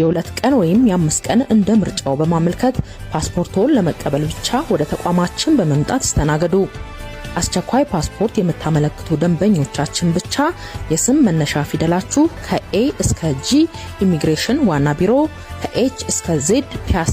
የሁለት ቀን ወይም የአምስት ቀን እንደ ምርጫው በማመልከት ፓስፖርቶን ለመቀበል ብቻ ወደ ተቋማችን በመምጣት ይስተናገዱ። አስቸኳይ ፓስፖርት የምታመለክቱ ደንበኞቻችን ብቻ የስም መነሻ ፊደላችሁ ከኤ እስከ ጂ ኢሚግሬሽን ዋና ቢሮ፣ ከኤች እስከ ዜድ ፒያስ